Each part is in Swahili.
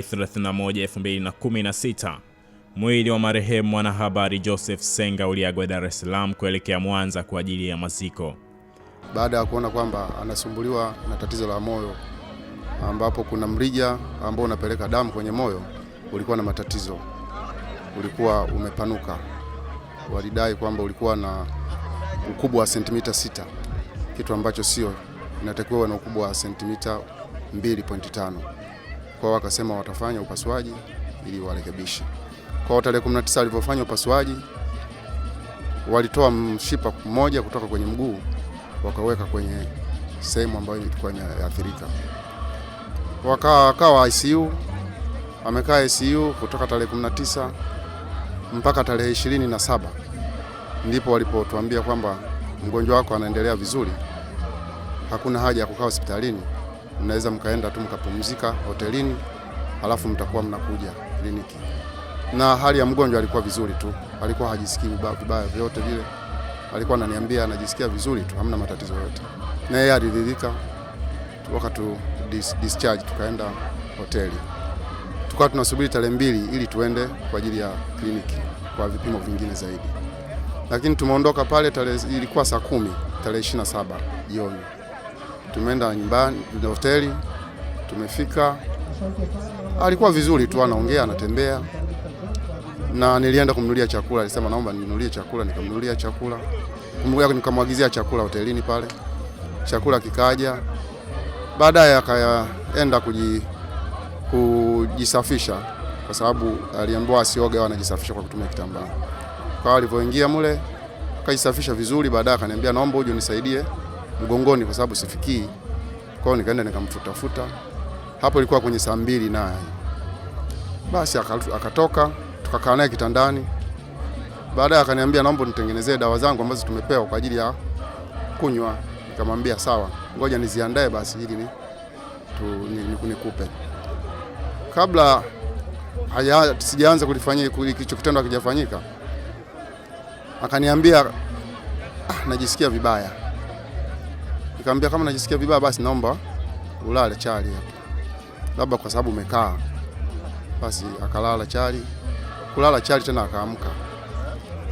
Julai 31, 2016, mwili wa marehemu mwanahabari Joseph Senga uliagwa Dar es Salaam kuelekea Mwanza kwa ajili ya maziko. Baada ya kuona kwamba anasumbuliwa na tatizo la moyo, ambapo kuna mrija ambao unapeleka damu kwenye moyo ulikuwa na matatizo, ulikuwa umepanuka. Walidai kwamba ulikuwa na ukubwa wa sentimita sita, kitu ambacho sio, inatakiwa na ukubwa wa sentimita 2.5 kwao, wakasema watafanya upasuaji ili warekebishe. Kwa tarehe 19 walivyofanya upasuaji, walitoa mshipa mmoja kutoka kwenye mguu wakaweka kwenye sehemu ambayo ilikuwa imeathirika. Wakawa ICU, amekaa ICU kutoka tarehe 19 mpaka tarehe ishirini na saba ndipo walipotuambia kwamba mgonjwa wako anaendelea vizuri, hakuna haja ya kukaa hospitalini mnaweza mkaenda tu mkapumzika hotelini, halafu mtakuwa mnakuja kliniki. Na hali ya mgonjwa alikuwa vizuri tu, alikuwa hajisikii vibaya vyote vile, alikuwa ananiambia anajisikia vizuri tu, hamna matatizo yote, na yeye aliridhika. wakatu dis discharge tukaenda hoteli, tukawa tunasubiri tarehe mbili ili tuende kwa ajili ya kliniki kwa vipimo vingine zaidi, lakini tumeondoka pale tarehe, ilikuwa saa kumi tarehe 27 jioni tumeenda nyumbani hoteli, tumefika, alikuwa vizuri tu, anaongea anatembea, na nilienda kumnulia chakula. Alisema naomba ninunulie chakula, nikamnulia chakula, nikamwagizia chakula hotelini pale, chakula kikaja. Baadaye akaenda kuji, kujisafisha kwa sababu aliambiwa asioge au anajisafisha kwa kutumia kitambaa. Kwa alivyoingia mule akajisafisha vizuri, baadaye akaniambia naomba uje unisaidie mgongoni kwa sababu sifikii. hiyo nikaenda nikamfutafuta, hapo ilikuwa kwenye saa mbili naye basi akatoka, tukakaa naye kitandani. Baadaye akaniambia naomba nitengenezee dawa zangu ambazo tumepewa kwa ajili ya kunywa. Nikamwambia sawa, ngoja niziandae basi ili ni, tu, nikupe. Kabla haya sijaanza kulifanyia hicho kitendo akijafanyika akaniambia ah, najisikia vibaya nikamwambia kama najisikia vibaya, basi naomba ulale chali hapo, labda kwa sababu umekaa. Basi akalala chali, kulala chali tena akaamka,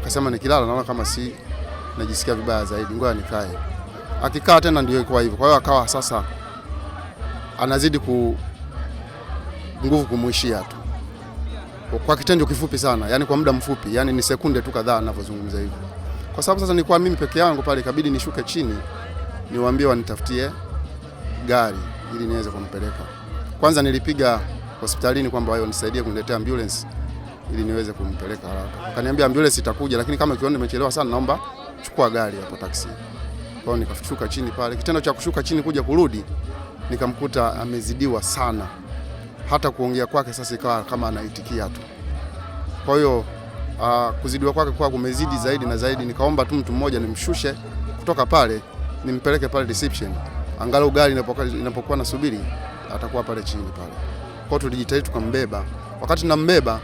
akasema nikilala naona kama si najisikia vibaya zaidi, ngoja nikae. Akikaa tena ndio ilikuwa hivyo. Kwa hiyo akawa sasa anazidi ku nguvu kumuishia tu kwa kitendo kifupi sana, yani kwa muda mfupi, yani ni sekunde tu kadhaa ninavyozungumza hivyo, kwa sababu sasa nilikuwa mimi peke yangu pale, ikabidi nishuke chini niwaambie wanitafutie gari ili niweze kumpeleka. Kwanza nilipiga hospitalini kwamba wao nisaidie kuniletea ambulance ili niweze kumpeleka haraka. Akaniambia ambulance itakuja, lakini kama ukiona nimechelewa sana, naomba chukua gari hapo taksi. Kwao hiyo nikashuka chini pale. Kitendo cha kushuka chini kuja kurudi, nikamkuta amezidiwa sana, hata kuongea kwake sasa ikawa kama anaitikia tu. Kwa hiyo uh, kuzidiwa kwake kwa kumezidi zaidi na zaidi, nikaomba tu mtu mmoja nimshushe kutoka pale nimpeleke pale reception, angalau gari inapokuwa, nasubiri atakuwa pale chini pale. Kwa hiyo tulijitahidi tukambeba, wakati nambeba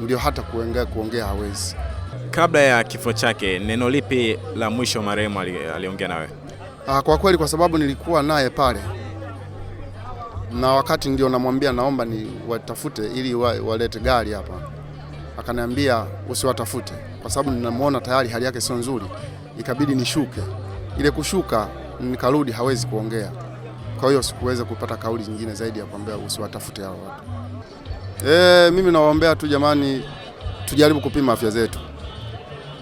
ndio hata kuongea kuongea hawezi. Kabla ya kifo chake, neno lipi la mwisho marehemu aliongea nawe? Ah, kwa kweli, kwa sababu nilikuwa naye pale na wakati ndio namwambia naomba ni watafute ili walete gari hapa, akaniambia usiwatafute kwa sababu ninamwona tayari hali yake sio nzuri, ikabidi nishuke ile kushuka nikarudi, hawezi kuongea. Kwa hiyo sikuweza kupata kauli nyingine zaidi ya kuambia usiwatafute hao watu. E, mimi nawaombea tu jamani, tujaribu kupima afya zetu,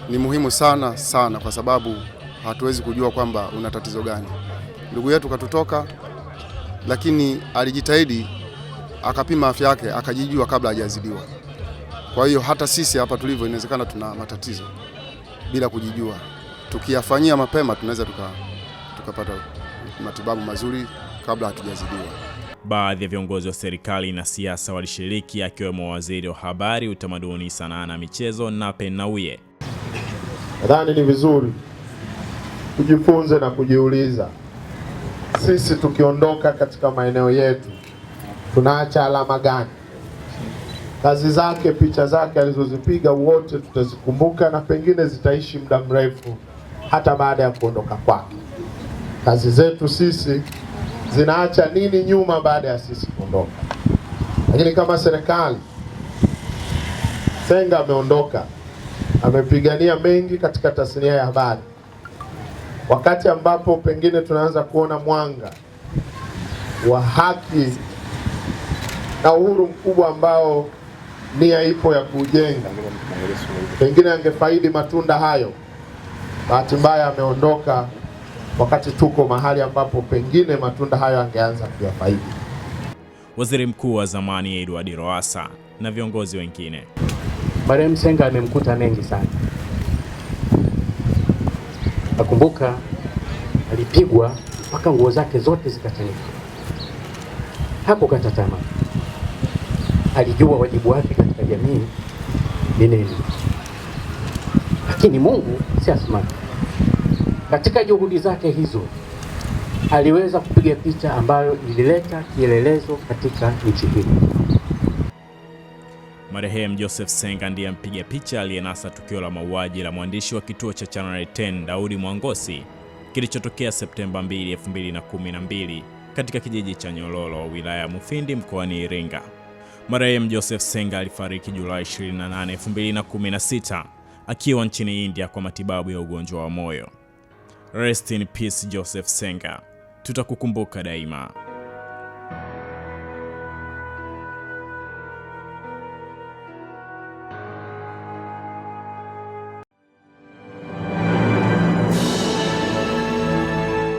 ni muhimu sana sana, kwa sababu hatuwezi kujua kwamba una tatizo gani. Ndugu yetu katutoka, lakini alijitahidi akapima afya yake akajijua kabla hajazidiwa. Kwa hiyo hata sisi hapa tulivyo, inawezekana tuna matatizo bila kujijua tukiyafanyia mapema tunaweza tukapata tuka matibabu mazuri kabla hatujazidiwa. Baadhi ya viongozi wa serikali na siasa walishiriki akiwemo waziri wa habari, utamaduni, sanaa na michezo Nape Nnauye. Nadhani ni vizuri tujifunze na kujiuliza, sisi tukiondoka katika maeneo yetu tunaacha alama gani? Kazi zake, picha zake alizozipiga wote tutazikumbuka na pengine zitaishi muda mrefu hata baada ya kuondoka kwake. Kazi zetu sisi zinaacha nini nyuma baada ya sisi kuondoka? Lakini kama serikali, Senga ameondoka, amepigania mengi katika tasnia ya habari, wakati ambapo pengine tunaanza kuona mwanga wa haki na uhuru mkubwa ambao nia ipo ya kujenga, pengine angefaidi matunda hayo bahati mbaya ameondoka wakati tuko mahali ambapo pengine matunda hayo angeanza kuyafaidi. Waziri Mkuu wa zamani Edward roasa na viongozi wengine. Marehemu Senga amemkuta mengi sana. Nakumbuka alipigwa mpaka nguo zake zote zikachanika. kata tamaa, alijua wajibu wake katika jamii ni nini, lakini Mungu si asimama katika juhudi zake hizo aliweza kupiga picha ambayo ilileta kielelezo katika nchi hii. Marehemu Joseph Senga ndiye mpiga picha aliyenasa tukio la mauaji la mwandishi wa kituo cha Channel 10 Daudi Mwangosi kilichotokea Septemba 2, 2012 katika kijiji cha Nyololo, wilaya ya Mufindi, mkoani Iringa. Marehemu Joseph Senga alifariki Julai 28, 2016 akiwa nchini India kwa matibabu ya ugonjwa wa moyo. Rest in peace Joseph Senga, tutakukumbuka daima.